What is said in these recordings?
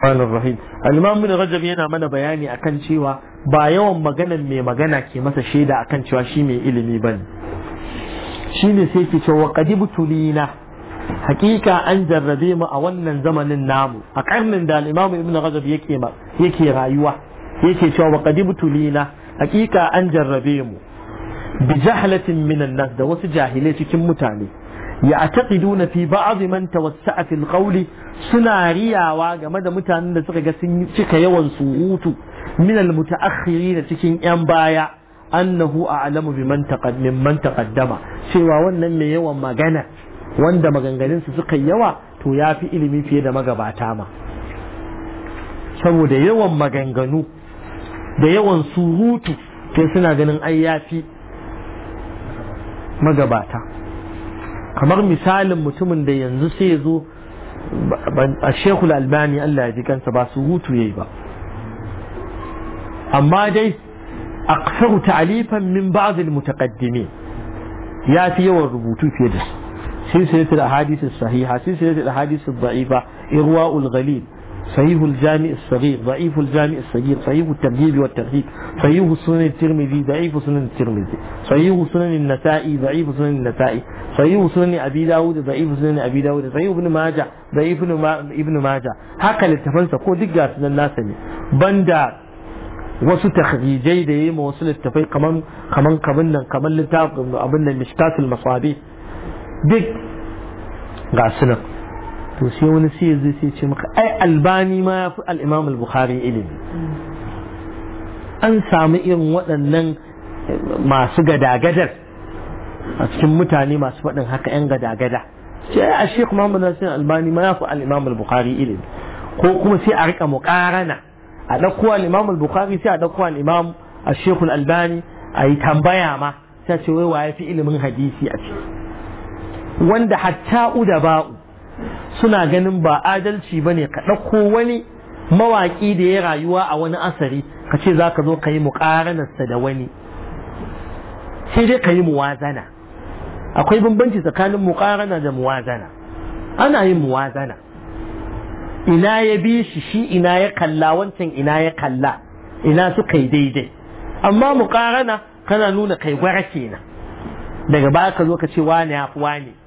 Rahman Rahim Rajab yana mana bayani akan cewa ba yawan maganan mai magana ke masa shaida akan cewa shi mai ilimi ba shi shine sai ke cewa qadibu tulina hakika an jarrabe mu a wannan zamanin namu a karnin da al bin Rajab yake rayuwa yake cewa qadibu tulina hakika an jarrabe mu bi jahlatin minan nas da wasu jahilai cikin mutane ya'taqiduna fi ba'd man tawassa'a fil qawli suna riyawa game da mutanen da suka ga sun cika yawan surutu min al mutaakhirin cikin yan baya annahu a'lamu biman taqaddim man taqaddama cewa wannan mai yawan magana wanda maganganun su suka yawa to yafi ilimi fiye da magabata ma saboda yawan maganganu da yawan surutu sai suna ganin ai yafi magabata kamar misalin mutumin da yanzu sai zo a shekul albani Allah ya ji kansa ba su hutu yayi ba amma dai aksaru ta'lifan min ba'd al-mutaqaddimin ya fi yawan rubutu fiye da shi sai sai da hadisi sahiha sai sai da hadisi daifa irwa ul ghalil صحيح الجامع الصغير ضعيف الجامع الصغير صحيح التمهيد والترهيب صحيح سنن الترمذي ضعيف سنن الترمذي صحيح سنن النسائي ضعيف سنن النسائي صحيح سنن أبي داود ضعيف سنن أبي داود صحيح ابن ماجه ضعيف ابن ماجه هكا littafansa ko duk ga sunan nasa ne banda wasu takhrijai da yayi ma wasu littafai kaman kaman kaman nan kaman littafin abin nan mishkatul masabi duk ga sunan to sai wani sai zai sai ce maka ai albani ma ya fi al'imam al-bukhari ilimi an samu irin waɗannan eh, masu gadagadar a cikin mutane masu faɗin haka 'yan gadagada ce a sheikh muhammad nasir albani ma ya fi al'imam al-bukhari ilimi ko kuma sai a rika muƙarana a ɗauko al'imam al-bukhari sai a ɗauko al'imam a sheikh albani a yi tambaya ma sai ce wai wa ya fi ilimin hadisi a ciki wanda hatta uda ba'u suna ganin ba adalci ba ne ka ɗauko wani mawaƙi da ya rayuwa a wani asari ka ce za ka zo ka yi muƙaranarsa da wani sai dai ka yi muwazana akwai bambanci tsakanin muƙarana da muwazana ana yin muwazana ina ya bi shi shi ina ya kalla wancan ina ya kalla ina suka yi daidai amma muƙarana kana nuna kai gwara kenan daga baya ka zo ka ce wane ya fi wane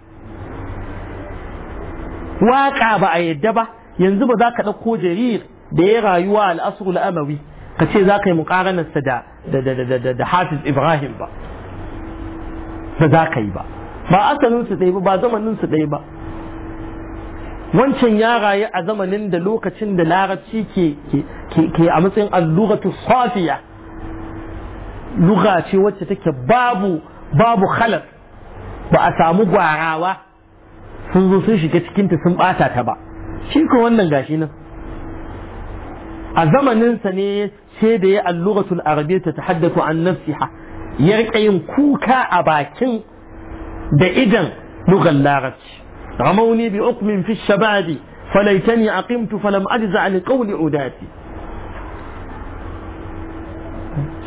waƙa ba a yadda ba yanzu ba za ka ɗauko jarir da ya rayuwa al'asrul amawi ka ce za ka yi muƙaranarsa da da hafiz ibrahim ba ba za ka yi ba ba asalin su ɗaya ba ba zamanin su ɗaya ba wancan ya rayu a zamanin da lokacin da larabci ke a matsayin alluratu safiya lura ce wacce take babu babu khalas ba a samu gwarawa sun zo sun shiga cikin ta sun bata ta ba shi ko wannan gashi nan a zamanin sa ne sai da ya alluratul arabiyya ta tahaddathu an nafsiha ya rika yin kuka a bakin da idan lugal larabci ramauni bi ukmin fi shabadi falaitani aqimtu falam ajza an qawli udati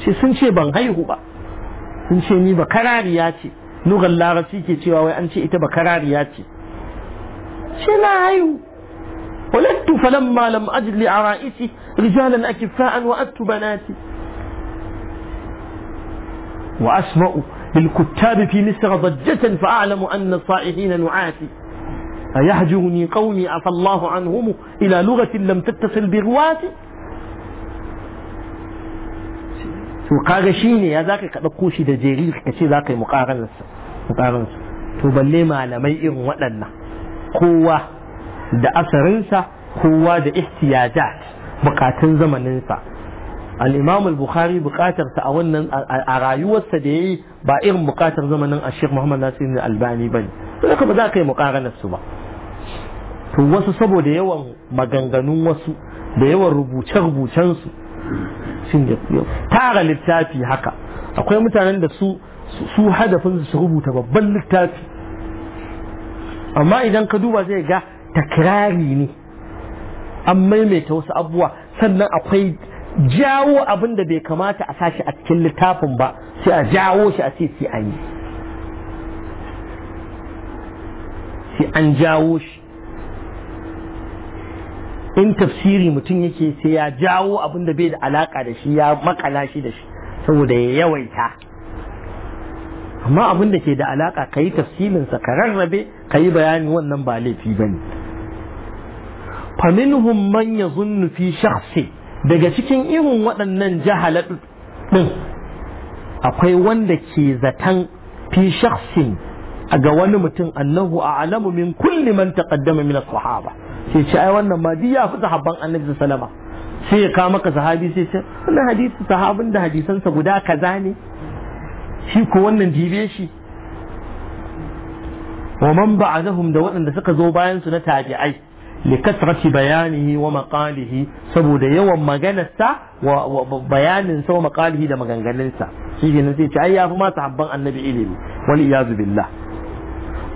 shi sun ce ban haihu ba sun ce ni ba karariya ce lugal larabci ke cewa wai an ce ita ba karariya ce شناعي ولدت فلما لم أجد لعرائسي رجالا أكفاء وأت بناتي وأسمع للكتاب في مصر ضجة فأعلم أن الصائحين نعاتي أيهجرني قومي عفى الله عنهم إلى لغة لم تتصل برواتي مقارشيني يا ذاك ya zaka ka dauko shi مقارنس jeri ka ce zaka kowa da asarinsa kowa da ihtiyaja bukatun zamaninsa al-imam al-bukhari bukatarsa a wannan a rayuwarsa da yayi ba irin bukatar zamanin ashir muhammad nasir al albani bane to haka ba za ka yi muqaranar su ba to wasu saboda yawan maganganun wasu da yawan rubuce rubucen su tara littafi haka akwai mutanen da su su hadafin su rubuta babban littafi amma idan ka duba zai ga takrari ne an maimaita wasu abubuwa sannan akwai jawo abin da bai kamata a sashi a cikin littafin ba sai a jawo shi a ce sai an yi sai an jawo shi in tafsiri mutum yake sai ya jawo abin da bai da alaka da shi ya makala shi da shi saboda ya yawaita amma abin da ke da alaka ka yi tafsilinsa ka rarrabe ka yi bayani wannan ba laifi ba ne faminhum man ya fi shakhsi daga cikin irin waɗannan jahala ɗin akwai wanda ke zaton fi shakhsin ga wani mutum annahu a alamu min kulli man taqaddama min sahaba sai ce ai wannan ma duk ya fi sahabban annabi sallama sai ya kawo maka sahabi sai ce wannan hadisi sahabin da hadisansa guda kaza ne shi ko wannan jibe shi wa man ba'dahum da waɗanda suka zo bayan su na tabi'ai li kasrati bayanihi wa maqalihi saboda yawan maganarsa wa bayanin sa wa maqalihi da maganganunsa shi ne sai ce ai yafi ma sahabban annabi ilimi wal iyazu billah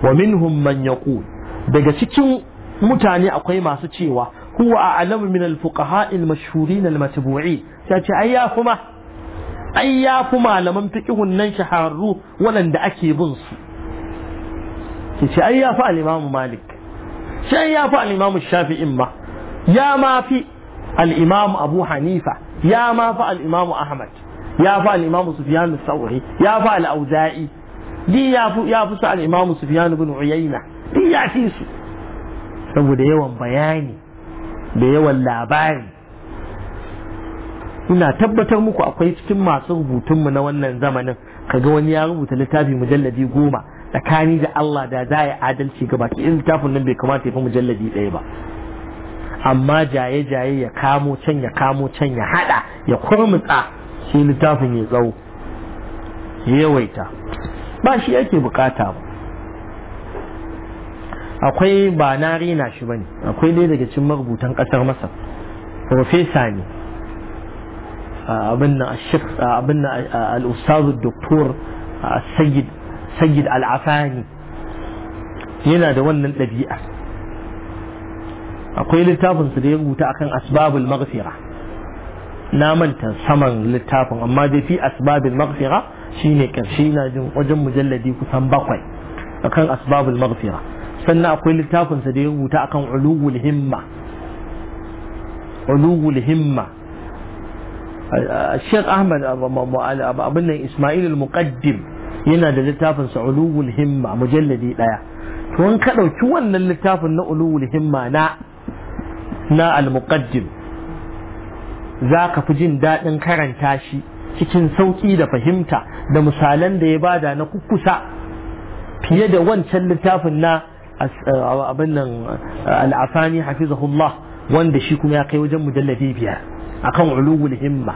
wa minhum man yaqul daga cikin mutane akwai masu cewa huwa a'lamu min al fuqaha al mashhurin al matbu'in sai ce ai yafi ma ai ya fi malaman fiqihun nan shahararru waɗanda ake bin su ki ce ai ya fi al-Imam Malik shi ai ya fi al-Imam Shafi'in ma ya ma fi al-Imam Abu Hanifa ya ma fi al-Imam Ahmad ya fi al-Imam Sufyan al-Thawri ya fi al-Auza'i di ya fi ya fi al-Imam Sufyan ibn Uyayna di ya fi su saboda yawan bayani da yawan labari ina tabbatar muku akwai cikin masu rubutunmu na wannan zamanin kaga wani ya rubuta littafi mujalladi goma tsakani da Allah da za ya adalci ga baki in littafin nan bai kamata ya fi mujalladi daya ba amma jaye-jaye ya kamo can ya kamo can ya haɗa ya kurmutsa sai littafin ya tsawo ya yawaita ba shi yake bukata ba akwai ba na shi bane akwai dai daga cikin marubutan ƙasar masar profesa ne abin الشيخ abin الأستاذ الدكتور السيد سيد العفاني yana da wannan ɗabi'a akwai littafinsa da ya rubuta akan asbabul maghfira na manta saman littafin amma dai fi asbabul maghfira shine karshe ina jin wajen mujalladi kusan bakwai akan asbabul maghfira sannan akwai littafinsa da ya rubuta akan ulul himma ulul himma Sheikh Ahmad abin nan Ismail al-Muqaddim yana da littafinsa sa ulul mujalladi ɗaya. to an ka wannan littafin na ulul himma na na al-Muqaddim zaka fi jin daɗin karanta shi cikin sauƙi da fahimta da misalan da ya bada na kukkusa fiye da wancan littafin na abin nan al-Afani hafizahullah wanda shi kuma ya kai wajen mujalladi biyar akan ulul himma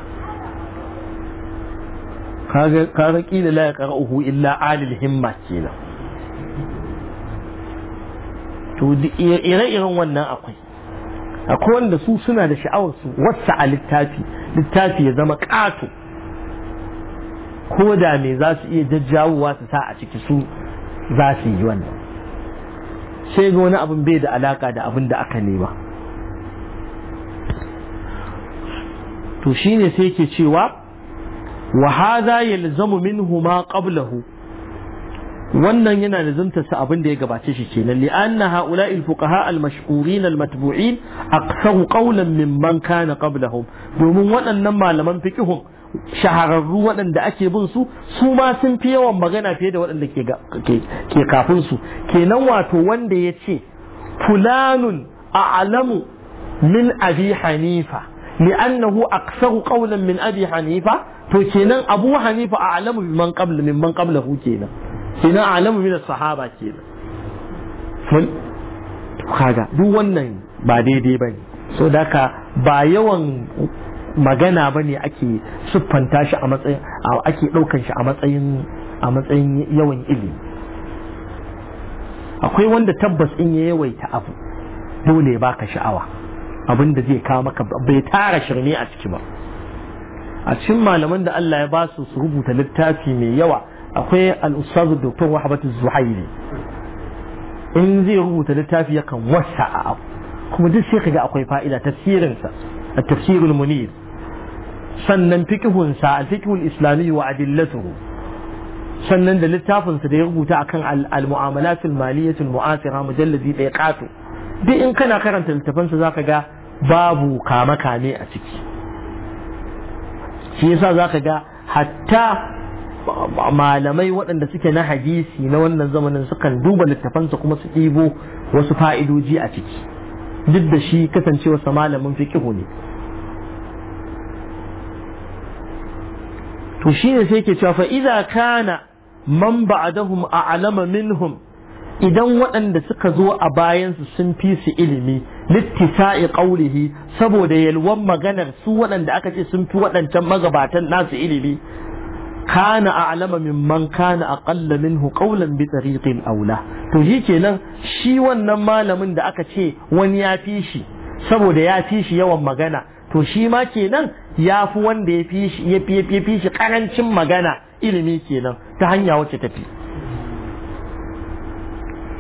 kaga kaga kila la yaqra'uhu illa alil himma kenan to ire-iren wannan akwai akwai wanda su suna da sha'awar su wasa a littafi littafi ya zama ƙato ko da me za su iya jajjawowa su sa a ciki su za su yi wannan sai ga wani abin bai da alaka da abin da aka nema to shine sai yake cewa wa hadha yalzamu minhu ma qablahu wannan yana lazimta sa abin da ya gabace shi kenan li anna al fuqaha al mashhurin al matbu'in aqsahu qawlan mimman kana qablahum domin waɗannan malaman fiqhun shahararru waɗanda ake bin su su ma sun fi yawan magana fiye da waɗanda ke kafin su kenan wato wanda ya ce fulanun a'lamu min abi hanifa li'annahu aksaru qawlan min abi hanifa to kenan abu hanifa a'lamu mimman qabla mimman qablahu kenan kenan a'lamu min sahaba kenan mun kaga duk wannan ba daidai bane so daka ba yawan magana bane ake siffanta shi a matsayin ake daukan shi a matsayin a matsayin yawan ilimi akwai wanda tabbas in ya yawaita abu dole ya baka sha'awa abin da zai kawo maka bai tara shirme a ciki ba a cikin malaman da Allah ya ba su su rubuta littafi mai yawa akwai al-ustaz Dr. Wahbatu Zuhaili in zai rubuta littafi yakan wasa a abu kuma duk sai kaga akwai fa'ida tafsirinsa at-tafsirul munir sannan fiqhun sa al-fiqhul islami wa adillatuhu sannan da littafinsa da ya rubuta akan al-mu'amalatul maliyatul mu'asira mujalladi da ya duk in kana karanta littafansa zaka ga babu kama kame a ciki shi yasa ka ga hatta malamai waɗanda suke na hadisi na wannan zamanin sukan duba littafansa kuma su ɗibo wasu fa'idoji a ciki duk da shi kasance wasu malamin fiƙihu ne to shi ne sai ke cewa fa'iza kana man ba'adahum a alama minhum idan waɗanda suka zo a bayansu sun fi su ilimi littisa'i qawlihi saboda yalwan maganar su waɗanda aka ce sun fi waɗancan magabatan nasu ilimi kana a'lama mimman kana aqalla minhu qawlan bi tariqin aula to shi kenan shi wannan malamin da aka ce wani ya fi shi saboda ya fi shi yawan magana to shi ma kenan ya fi wanda ya fi shi ya fi shi karancin magana ilimi kenan ta hanya wacce tafi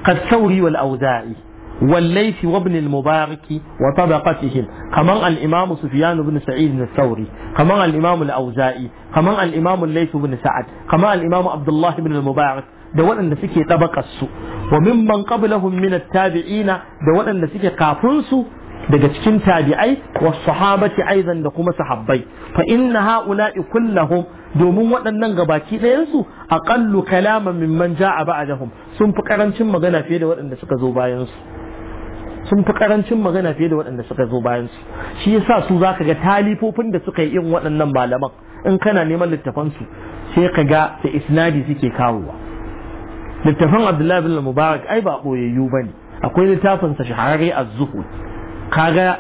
qad sauri wal auza'i والليث وابن المبارك وطبقتهم كمان الإمام سفيان بن سعيد الثوري كمان الإمام الأوزائي كمان الإمام الليث بن سعد كمان الإمام عبد الله بن المبارك da waɗanda suke su wa mimman qablahum min at-tabi'ina da waɗanda suke kafin su daga cikin tabi'ai wa sahabati aizan da kuma sahabbai fa inna ha'ula'i kullahum domin waɗannan gabaki ɗayansu aqallu kalaman mimman ja'a ba'dahum sun fi karancin magana fiye da waɗanda suka zo bayan su sun fi karancin magana fiye da waɗanda suka zo bayan su shi yasa su zaka ga talifofin da suka yi irin waɗannan malaman in kana neman littafan su sai ka ga da isnadi suke kawowa littafan Abdullahi bin Mubarak ai ba boyayyu bane akwai littafin sa shahararre az-zuhud kaga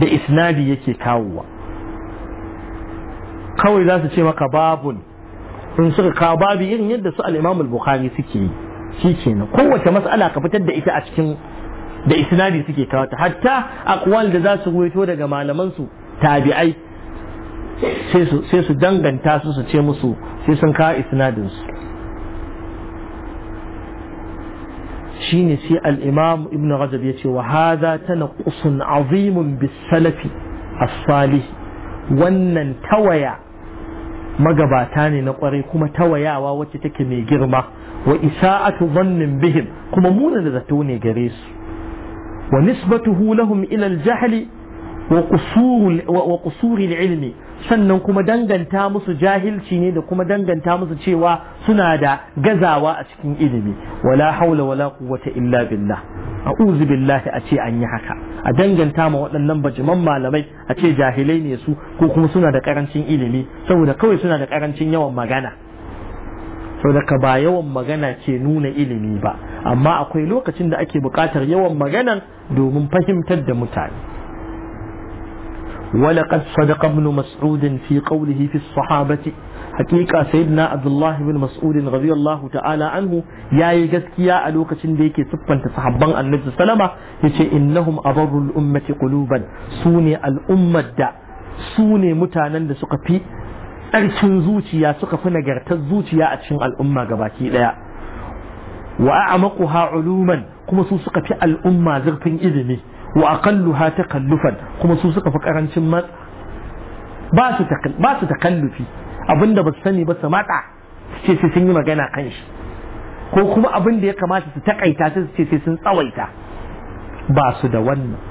da isnadi yake kawowa kawai za su ce maka babun in suka kawo babu irin yadda su al-Imam al-Bukhari suke yi shi kenan kowace mas'ala ka fitar da ita a cikin da isnadi suke kawata hatta akwal da za su daga malaman su tabi'ai sai su danganta su su ce musu sai sun kawo isnadin su shine sai al-imam ibn rajab yace wa hadha tanqusun azimun bis bisalafi as-salih wannan tawaya magabata ne na kwarai kuma tawayawa wacce take mai girma wa isa'atu zannin bihim kuma muna da zato ne gare su ونسبته لهم إلى الجهل وقصور, وقصور العلم sannan kuma danganta musu jahilci ne da kuma danganta musu cewa suna da gazawa a cikin ilimi wala haula wala quwwata illa billah a'udhu billahi a ce an yi haka a danganta ma waɗannan bajiman malamai a ce jahilai ne su ko kuma suna da karancin ilimi saboda kawai suna da karancin yawan magana sau daga ba yawan magana ke nuna ilimi ba amma akwai lokacin da ake bukatar yawan maganan domin fahimtar da mutane wala kan sadaka bin mas'udin fi qawlihi fi sahabati hakika sayyidina abdullahi bin mas'udin radiyallahu ta'ala anhu yayi gaskiya a lokacin da yake siffanta sahabban annabi sallama yace innahum abarru al kuluban su sune al ummat da sune mutanen da suka fi tsarkin zuciya suka fi nagartar zuciya a cikin al'umma gabaki daya wa ha uluman kuma su suka fi al'umma zurfin ilimi wa ha takallufan kuma su suka fi karancin mat ba su ba su takallufi abinda ba su sani ba su mata ce sai sun yi magana kan shi ko kuma abin da ya kamata su takaita sai su ce sai sun tsawaita ba su da wannan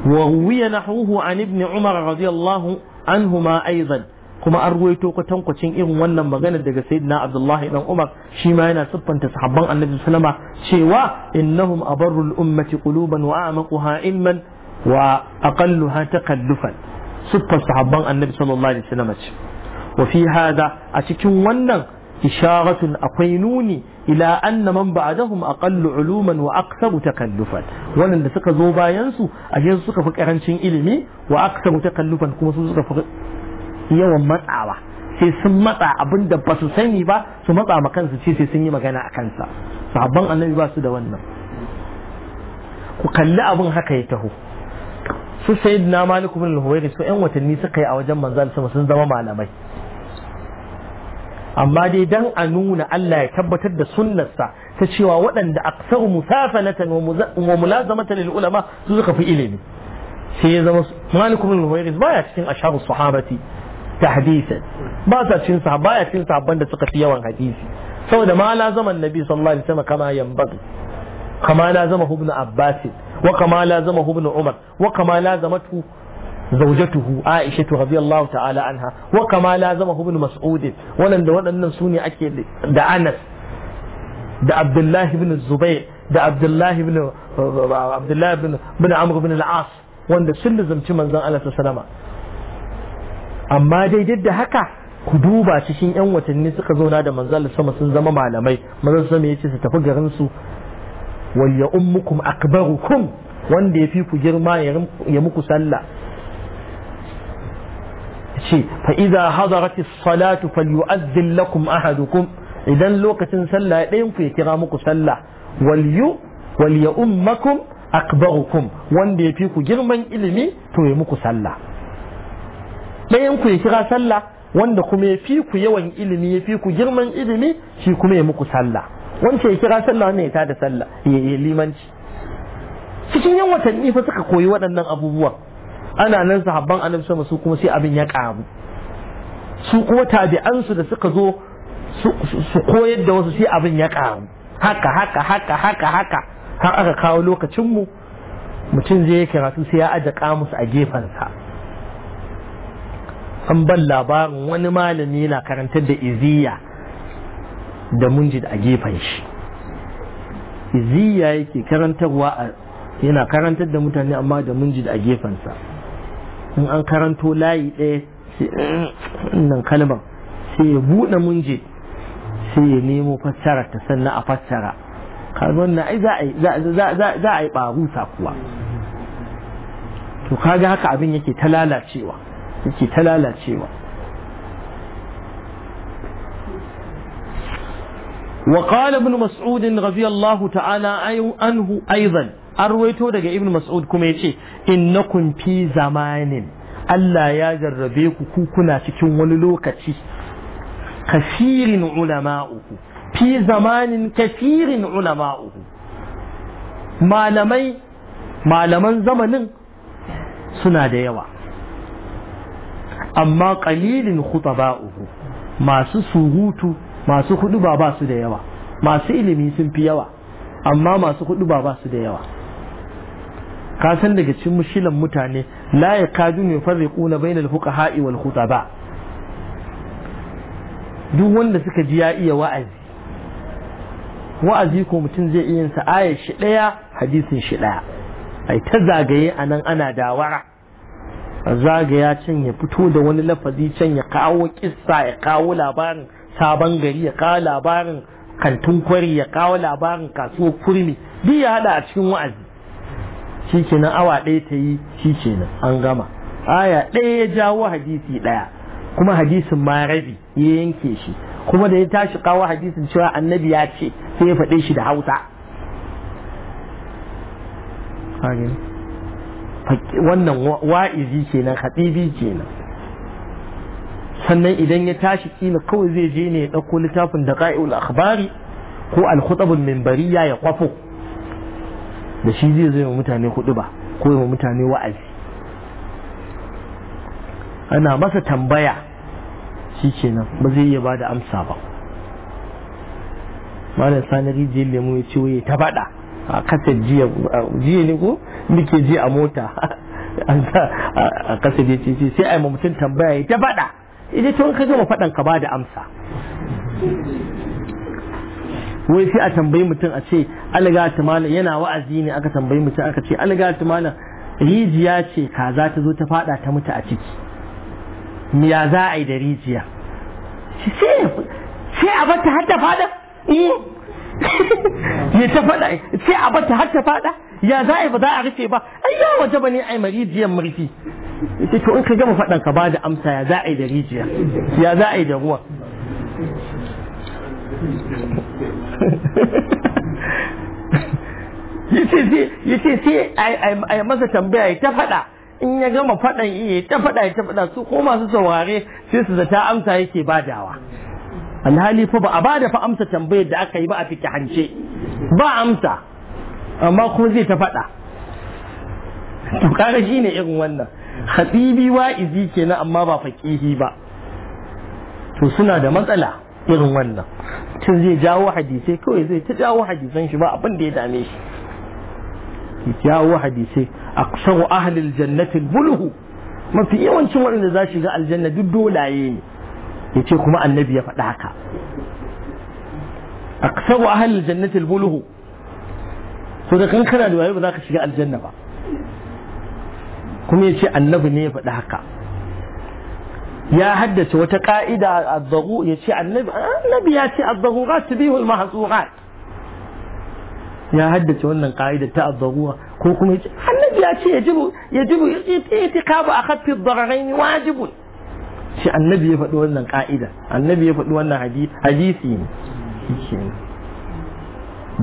وروي نحوه عن ابن عمر رضي الله An huma aizan kuma an ruwaito kwatankwacin irin wannan magana daga sayyidina abdullahi dan umar shi ma yana siffanta sahabban annabi sallama cewa innahum abarrul ummati quluban wa amaquha ilman wa aqalluha takallufan siffar sahabban annabi sallallahu alaihi wasallam ce wa fi hada a cikin wannan isharatun akwai nuni ila anna man ba'dahum aqallu uluman wa aktsaru wannan da suka zo bayansu su ashe suka fi karancin ilimi wa aktsaru takallufan kuma su yawan matsawa sai sun matsa abin ba su sani ba su matsa ma kansu ce sai sun yi magana a kansa sahabban annabi ba su da wannan ku kalli abun haka ya taho su sayyidina malik ibn al-huwairi su yan watanni suka yi a wajen manzal sama sun zama malamai amma dai dan a nuna Allah ya tabbatar da sunnarsa ta cewa waɗanda aksaru musafanatan wa mulazamatan lil ulama su suka fi ilimi sai ya zama Malik ibn Huwairis baya cikin ashabu sahabati tahdisa ba ta cikin sahaba ya cikin sahabban da suka fi yawan hadisi saboda ma la zaman nabi sallallahu alaihi wasallam kama yanbaghi kama la zama ibn Abbas wa kama la zama ibn Umar wa kama la zamatu zaujatuhu Aisha radiyallahu ta'ala anha wa kama la zama ibn Mas'ud da waɗannan sune ake da Anas da Abdullahi ibn Zubair da Abdullahi ibn Abdullahi al-As wanda sun lizamci manzon Allah sallama amma dai duk da haka ku duba cikin yan watanni suka zauna da manzon sama sun zama malamai manzon sama yace su tafi garin su wal ya ummukum akbarukum wanda ya fi ku girma ya muku sallah ce fa idza hadaratis salatu falyu'adhdhin lakum ahadukum idan lokacin sallah ɗayan ku ya kira muku sallah walyu walya ummakum akbarukum wanda ya fi ku girman ilimi to ya muku sallah ɗayan ku ya kira sallah wanda kuma ya fi ku yawan ilimi ya fi ku girman ilimi shi kuma ya muku sallah wanda ya kira sallah ne ya tada sallah ya limanci cikin yan watanni fa suka koyi waɗannan abubuwan ana nan habban annabi sama su kuma sai abin ya karu su kuma tabi'ansu da suka zo su koyar da wasu sai abin ya karu haka haka haka haka haka har aka kawo lokacin mu mutum zai karatu sai ya aje kamus a gefensa an ban labarin wani malami yana karantar da iziya da munjid a gefen shi iziya yake karantarwa yana karantar da mutane amma da munjid a gefensa in an karanto layi ɗaya eh, nan kalmar sai ya buɗe munje sai ya nemo fassara ta sannan a fassara kalmar na za a yi kuwa to kaga haka abin yake ta lalacewa yake ta lalacewa وقال ابن مسعود رضي الله تعالى عنه أيضا an ruwaito daga Ibnu mas'ud kuma ya yace innakum fi zamanin Allah ya jarrabe ku ku kuna cikin wani lokaci kasirin ulama'uku fi zamanin kasirin ulama'uku malamai malaman zamanin suna da yawa amma kalilin khutaba'uhu masu surutu masu hudu ba su da yawa masu ilimi sun fi yawa amma masu hudu ba ba su da yawa ka san daga cikin mushilan mutane la ya kadu ne farriquna bainal fuqaha'i wal khutaba duk wanda suka ji ya iya wa'azi wa'azi ko mutum zai iya sa ayar shi ɗaya hadisin shi ɗaya, ai ta zagaye nan ana dawara zagaya can ya fito da wani lafazi can ya kawo kissa ya kawo labarin sabon gari ya kawo labarin kantin kwari ya kawo labarin kasuwar kurmi duk ya haɗa a cikin wa'azi shi kenan awa ɗaya ta yi shi kenan an gama aya ɗaya ya jawo hadisi ɗaya kuma hadisin ma rabi ya yanke shi kuma da ya tashi kawo hadisin cewa annabi ya ce sai ya faɗe shi da hausa wannan wa'izi kenan hatsibi kenan sannan idan ya tashi kila kawai zai je ne ya ɗauko littafin da ƙa'i'ul akhbari ko al-khutabul minbariya ya kwafo da shi zai zai mutane hudu ba ko wa mutane wa'azi ana masa tambaya shi kenan ba zai iya ba da amsa ba malam sani rijiyar lemu ya ce waye ta bada a kasar jiya ne ko muke ji a mota a kasar ya ce sai a yi mutum tambaya ya ta faɗa idan tun ka gama faɗan ka ba da amsa wai sai a tambayi mutum a ce alga malam yana wa'azi ne aka tambayi mutum aka ce alga malam rijiya ce kaza ta zo ta fada ta mutu a ciki ya za a yi da rijiya sai a bata har ta fada ya eh. ta fada sai a bata har ta fada ya za a yi ba za a rufe ba ai ya waje ba ne a yi marijiyar murfi ita to in ka gama fadan ka ba da amsa ya za a yi da rijiya ya za a yi da ruwa yace sai ai masa tambaya ya ta faɗa in ya gama faɗan iya ta faɗa ya ta fada su ko masu saurare sai su zata amsa yake badawa alhali fa ba a bada fa amsa tambayar da aka yi ba a fiki hance ba amsa amma kuma zai ta faɗa to kaga shine irin wannan Habibi wa wa'izi kenan amma ba faqihi ba to suna da matsala irin wannan mutum zai jawo hadisai kawai zai ta jawo hadisan shi ba abin da ya dame shi jawo hadisai a wa ahalil jannati bulhu mafi yawancin waɗanda za shiga aljanna duk dolaye ne ya ce kuma annabi ya faɗa haka A wa ahalil jannati bulhu so da kankana da waye ba za ka shiga aljanna ba kuma ya ce annabi ne ya faɗi haka ya haddace wata ka'ida azzahu ya ce annabi annabi ya ce su tubihul mahzurat ya haddace wannan ka'ida ta azzahuwa ko kuma ya ce annabi ya ce ka ba a kafin bararai ne wajibun shi annabi ya faɗi wannan ka'ida annabi ya faɗi wannan hadisi ne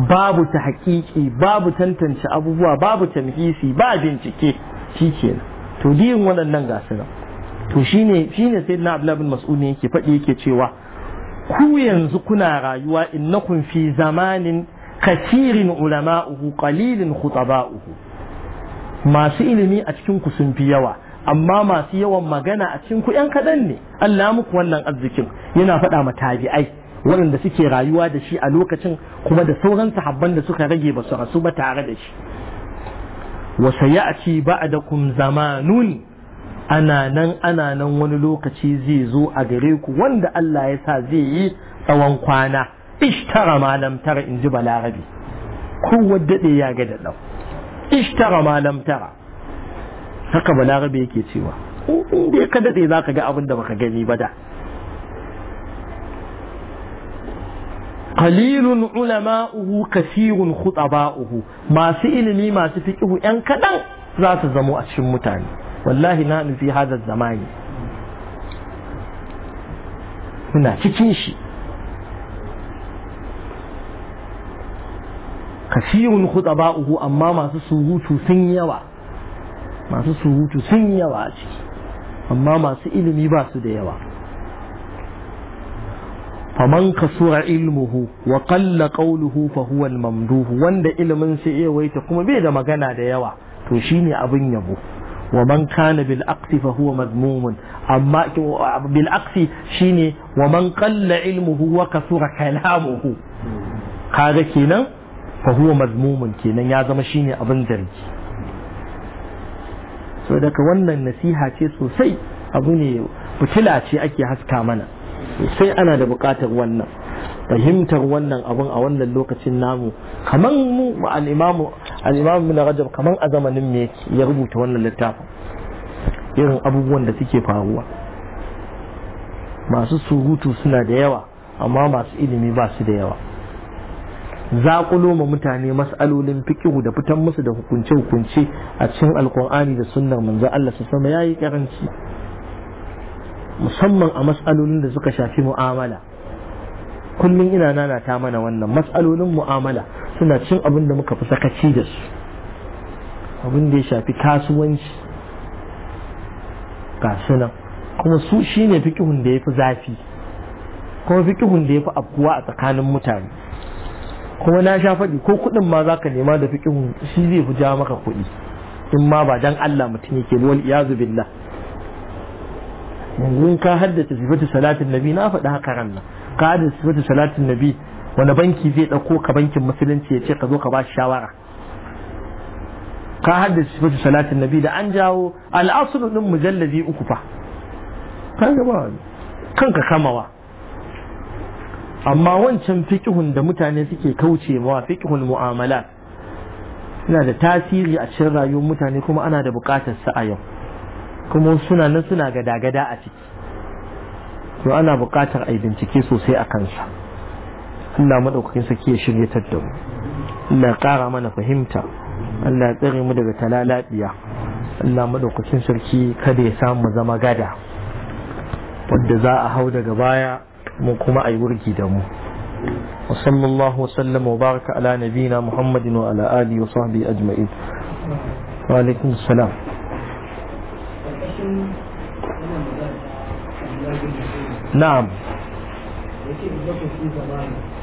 babu ta haƙiƙi babu tantance abubuwa babu tamhisi ba bincike shi kenan to diyin waɗannan gasu to shine sai na abu bin masu ne yake faɗi yake cewa ku yanzu kuna rayuwa innakum fi zamanin kasirin ulama'uhu qalilin khutaba'uhu masu ilimi a cikin ku sun fi yawa amma masu yawan magana a cikin ku yan kadan ne Allah muku wannan arzikin yana faɗa ma tabi'ai waɗanda suke rayuwa da shi a lokacin kuma da sauran sahabban da suka rage ba su rasu ba tare da shi wa sayati ba'dakum zamanun ana nan ana nan wani lokaci zai zo a gare ku wanda Allah ya sa zai yi tsawon kwana ishtara malam tara in ji balarabi kowa daɗe ya ga daɗau ishtara malam tara haka balarabi yake cewa in dai ka daɗe za ka ga abin da baka gani ba da qalilun ulama'uhu kasirun khutaba'uhu masu ilimi masu fiƙihu yan kaɗan za su zamo a cikin mutane wallahi na nufi hadar zamani muna cikin shi kasirun ba'uhu amma masu surutu sun yawa masu surutu sun yawa a ciki amma masu ilimi ba su da yawa faman kasura ilmuhu wa qalla qawluhu fa mamduhu wanda ilimin sai ya waita kuma bai da magana da yawa to shine abin yabo ومن كان بالعقس فهو مذموم أما بالعقس شيني ومن قل علمه وكثر كلامه هذا كينا فهو مذموم كينا يا زما شيني أبن زرجي so daga wannan nasiha ce sosai abu ne fitila ce ake haska mana sai ana da bukatar wannan fahimtar wannan abun a wannan lokacin namu kamar mu al'imamu al-imam ibn rajab kaman a zamanin me ya rubuta wannan littafin irin abubuwan da suke faruwa masu surutu suna da yawa amma masu ilimi ba su da yawa zaƙulo ma mutane mas'alolin fikihu da fitan musu da hukunce-hukunce a cikin alkur'ani da sunnar manzo Allah su sama yayi karanci musamman a mas'alolin da suka shafi mu'amala kullum ina nana ta mana wannan matsalolin mu'amala suna cin abin da muka fi sakaci da su abin da ya shafi kasuwanci ga sunan kuma su shi ne fikihun da ya fi zafi kuma fikihun da ya fi abuwa a tsakanin mutane kuma na sha faɗi ko kuɗin ma za ka nema da fikihun shi zai fi ja maka kuɗi in ma ba dan Allah mutum yake wal iyazu billah yanzu in ka haddace sifatu salatin nabi na faɗi haka ran nan qadin sifatu salatin nabi wani banki zai dauko ka bankin musulunci ya ce ka zo ka ba shawara ka haddace sifatu salatin nabi da an jawo al'asulu din mujallazi uku fa kaga ba kanka kamawa amma wancan fiqhun da mutane suke kauce mawa fiqhul mu'amala suna da tasiri a cikin rayuwar mutane kuma ana da bukatar sa a yau kuma suna suna gada-gada a ciki to ana buƙatar a yi bincike sosai a kansa Allah maɗaukakin saki ya shirya da mu Allah ƙara mana fahimta Allah tsare mu daga talalabiya Allah maɗaukakin sarki kada ya samu zama gada wadda za a hau daga baya mu kuma a yi wurgi da mu وصلى الله وسلم وبارك على نبينا محمد وعلى آله وصحبه أجمعين وعليكم salam. na'am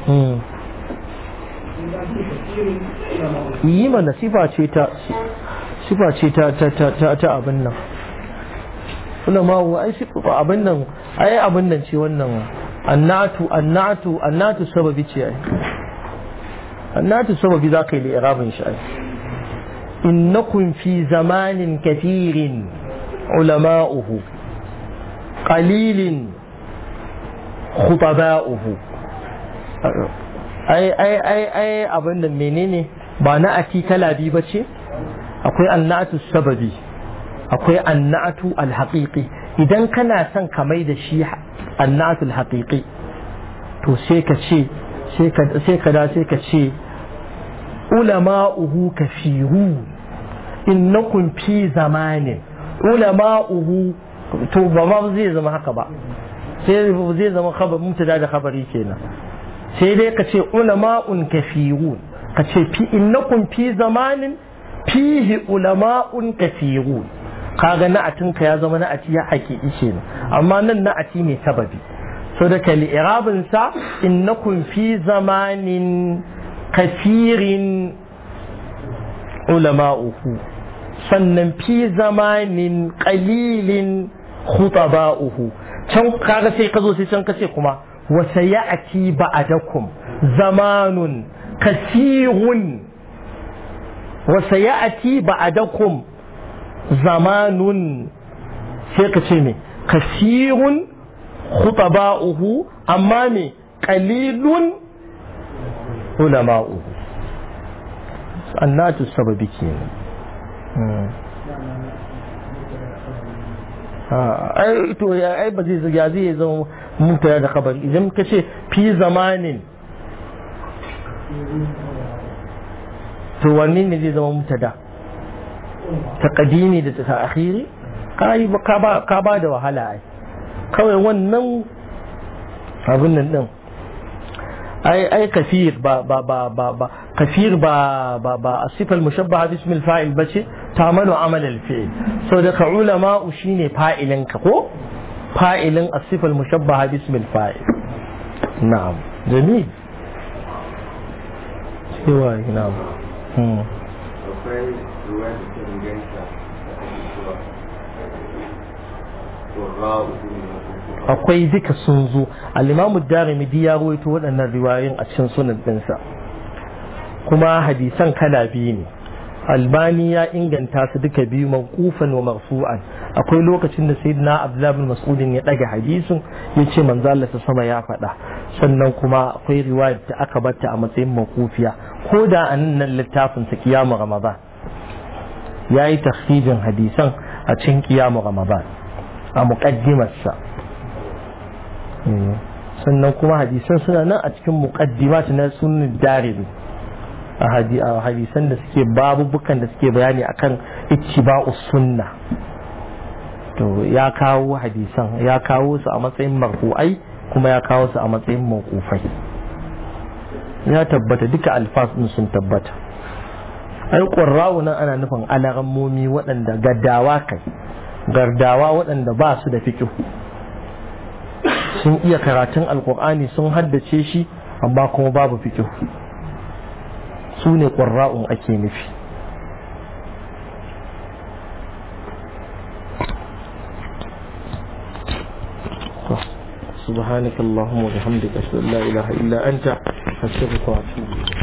Hmm. yi mana sifa ce ta sifa ce ta ta ta abin nan ma wa ai sifa abin nan ai abin nan ce wannan annatu annatu annatu sababi ce ai annatu sababi za ka yi irabin shi ai innakum fi zamanin kathirin ulama'uhu qalilin khutaba'uhu ai ai ai ai abin da menene ba na'ati talabi ba ce akwai annatu sababi akwai annatu alhaqiqi idan kana son ka mai da shi annatu alhaqiqi to sai ka ce sai ka da sai ka ce ulama'uhu kafiru innakum fi zamanin ulama'uhu to ba zai zama haka ba sai zai zama khabar mubtada da khabari kenan sai dai ka ce ulama'un kafirun ka ce fi innakum fi zamanin fihi ulama'un kafirun kaga atinka ya zama na'ati ya haƙiƙi kenan amma nan ati ne sababi so da kali irabin sa innakum fi zamanin kafirin ulama'uhu sannan fi zamanin qalilin khutaba'uhu can kaga sai ka zo sai can ka ce kuma wa sayati ba'adakum zamanun kasirun wa sayati ba'adakum zamanun sai ka ce me kasirun khutaba'uhu amma me qalilun ulama'uhu annatu sababi kenan hmm. Ah, ai to ya ai ba zai ya zai zama mun mubtada da kabari? idan ka ce fi zamanin to wanne ne zai zama mubtada taqdimi da ta'khiri kai ka ba ka ba da wahala ai kawai wannan abin nan din ai ai kafir ba ba ba ba kafir ba ba ba asifal mushabbaha bismil fa'il bace ta'malu amalan fi'l so da ka ulama shine fa'ilin ka ko fa'ilin asifal mushabbaha bismil fa'il na'am jami cewa na'am hmm akwai duka sun zo al'imamu jarumi ya ruwaito waɗannan riwayoyin a cikin sunan ɗinsa kuma hadisan kala biyu ne albani ya inganta su duka biyu mawqufan wa marfu'an akwai lokacin da sayyidina abdullah bin mas'ud ya daga hadisin yace manzo Allah ta sama ya faɗa sannan kuma akwai riwayar da aka batta a matsayin mawqufiya ko da anan nan littafin sa kiyamu ramadan yayi tafsirin hadisan a cikin kiyamu ramadan a muqaddimarsa eh, sannan kuma hadisan suna nan a cikin muqaddimatu na sunan darimi a hadisan da suke babubukan da suke bayani akan ittiba'us sunna to ya kawo hadisan ya kawo su a matsayin marfu'ai kuma ya kawo su a matsayin mawqufai ya tabbata duka alfas din sun tabbata ai qurra'u nan ana nufin alarammomi waɗanda gaddawa kai gardawa waɗanda ba su da fiqh sun iya karatun Alƙur'ani sun haddace shi amma kuma babu fikihu su ne ƙwararra'un ake nufi subhanak allahumma wa bihamdika ashhadu an la ilaha illa anta astaghfiruka wa